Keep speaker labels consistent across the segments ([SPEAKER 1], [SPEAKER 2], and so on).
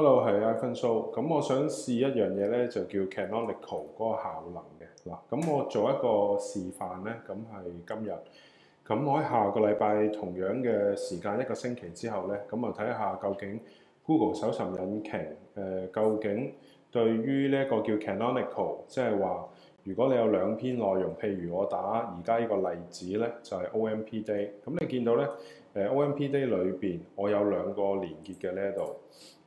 [SPEAKER 1] Hello，係阿芬叔。咁我想試一樣嘢呢，就叫 Canonical 嗰個效能嘅。嗱，咁我做一個示範呢，咁係今日。咁我喺下個禮拜同樣嘅時間，一個星期之後呢，咁我睇下究竟 Google 搜尋引擎誒、呃、究竟對於呢一個叫 Canonical，即係話如果你有兩篇內容，譬如我打而家呢個例子呢，就係 OMP Day。咁你見到呢。OMPD 裏邊，我有兩個連結嘅呢度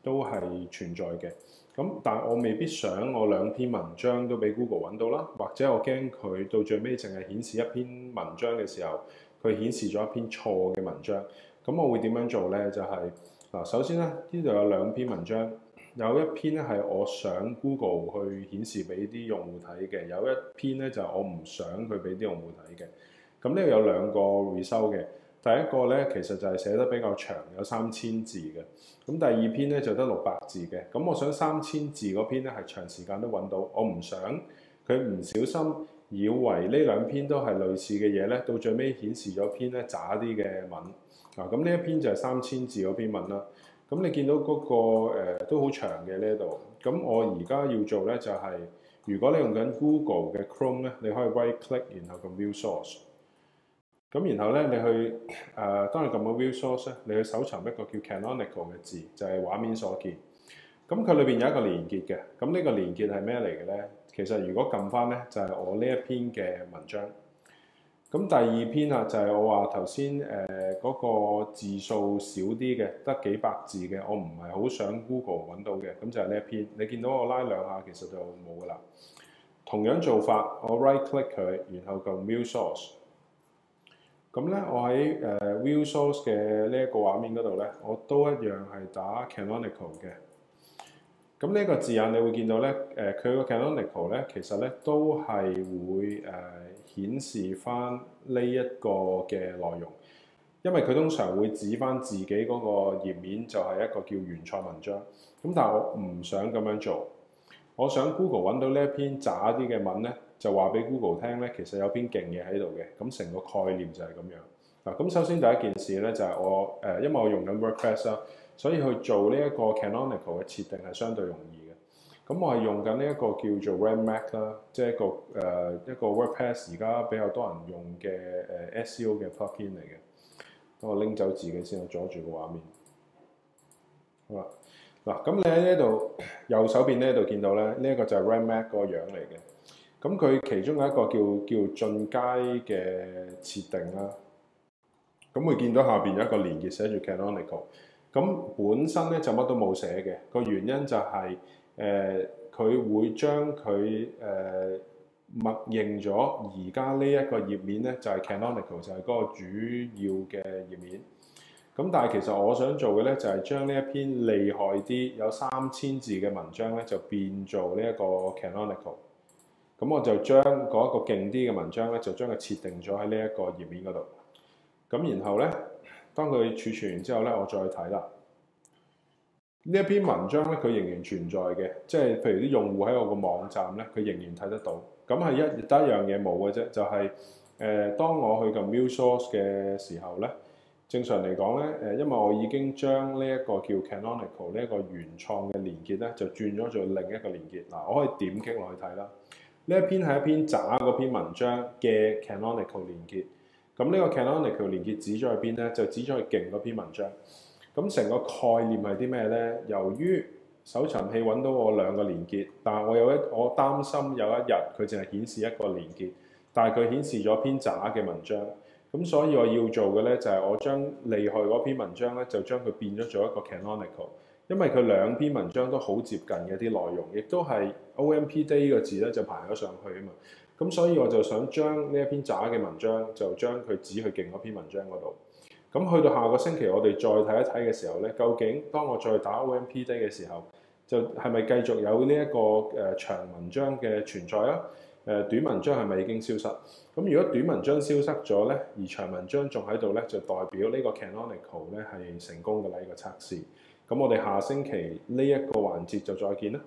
[SPEAKER 1] 都係存在嘅。咁，但我未必想我兩篇文章都俾 Google 揾到啦，或者我驚佢到最尾淨係顯示一篇文章嘅時候，佢顯示咗一篇錯嘅文章。咁我會點樣做呢？就係、是、嗱，首先呢，呢度有兩篇文章，有一篇咧係我想 Google 去顯示俾啲用戶睇嘅，有一篇咧就係我唔想佢俾啲用戶睇嘅。咁呢度有兩個 result 嘅。第一個咧，其實就係寫得比較長，有三千字嘅。咁第二篇咧就得六百字嘅。咁我想三千字嗰篇咧係長時間都揾到。我唔想佢唔小心以為呢兩篇都係類似嘅嘢咧，到最尾顯示咗篇咧渣啲嘅文。啊，咁呢一篇就係三千字嗰篇文啦。咁你見到嗰個，呃，都好長嘅呢度。咁我而家要做咧就係、係，如果你用緊 Google 嘅 Chrome 咧，你可以 Right Click 然後個 View Source。咁然後咧，你去誒、呃，當然撳個 View Source 咧，你去搜尋一個叫 Canonical 嘅字，就係、是、畫面所見。咁佢裏邊有一個連結嘅，咁呢個連結係咩嚟嘅咧？其實如果撳翻咧，就係、是、我呢一篇嘅文章。咁第二篇啊，就係我話頭先誒嗰個字數少啲嘅，得幾百字嘅，我唔係好想 Google 揾到嘅，咁就係呢一篇。你見到我拉兩下，其實就冇噶啦。同樣做法，我 Right Click 佢，然後撳 View Source。咁咧，我喺誒 View Source 嘅呢一個畫面嗰度咧，我都一樣係打 Canonical 嘅。咁呢個字眼，你會見到咧，誒佢個 Canonical 咧，其實咧都係會誒、呃、顯示翻呢一個嘅內容，因為佢通常會指翻自己嗰個頁面就係一個叫原創文章。咁但係我唔想咁樣做，我想 Google 揾到呢一篇渣啲嘅文咧。就話俾 Google 聽咧，其實有篇勁嘢喺度嘅。咁成個概念就係咁樣嗱。咁首先第一件事咧就係、是、我誒、呃，因為我用緊 WordPress 啦，所以去做呢一個 canonical 嘅設定係相對容易嘅。咁我係用緊呢一個叫做 Rank Math 啦，即係一個誒、呃、一個 WordPress 而家比較多人用嘅誒 SEO 嘅 plugin 嚟嘅。咁我拎走自己先，我阻住個畫面好啦、啊、嗱。咁你喺呢度右手邊呢度見到咧呢一、這個就係 Rank Math 個樣嚟嘅。咁佢其中有一個叫叫進階嘅設定啦。咁會見到下邊有一個連結寫住 canonical。咁本身咧就乜都冇寫嘅個原因就係，誒佢會將佢誒默認咗而家呢一個頁面咧就係、是、canonical 就係嗰個主要嘅頁面。咁但係其實我想做嘅咧就係將呢一篇厲害啲有三千字嘅文章咧就變做呢一個 canonical。咁我就將嗰一個勁啲嘅文章咧，就將佢設定咗喺呢一個頁面嗰度。咁然後咧，當佢儲存完之後咧，我再睇啦。呢一篇文章咧，佢仍然存在嘅，即係譬如啲用戶喺我個網站咧，佢仍然睇得到。咁係一得一樣嘢冇嘅啫，就係、是、誒、呃、當我去撳 New Source 嘅時候咧，正常嚟講咧，誒、呃、因為我已經將呢一個叫 Canonical 呢一個原創嘅連結咧，就轉咗做另一個連結嗱，我可以點擊落去睇啦。呢一篇係一篇渣嗰篇文章嘅 canonical 連結，咁呢個 canonical 連結指咗去邊咧？就指咗去勁嗰篇文章。咁成個概念係啲咩咧？由於搜尋器揾到我兩個連結，但係我有一我擔心有一日佢淨係顯示一個連結，但係佢顯示咗篇渣嘅文章。咁所以我要做嘅咧就係、是、我將厲害嗰篇文章咧，就將佢變咗做一個 canonical。因為佢兩篇文章都好接近嘅啲內容，亦都係 O M P D 呢個字咧就排咗上去啊嘛。咁所以我就想將呢一篇渣嘅文章，就將佢指去勁嗰篇文章嗰度。咁去到下個星期我哋再睇一睇嘅時候咧，究竟當我再打 O M P D 嘅時候，就係咪繼續有呢一個誒長文章嘅存在啊？誒短文章係咪已經消失？咁如果短文章消失咗咧，而長文章仲喺度咧，就代表呢個 canonical 咧係成功嘅啦。呢個測試。咁我哋下星期呢一個環節就再見啦。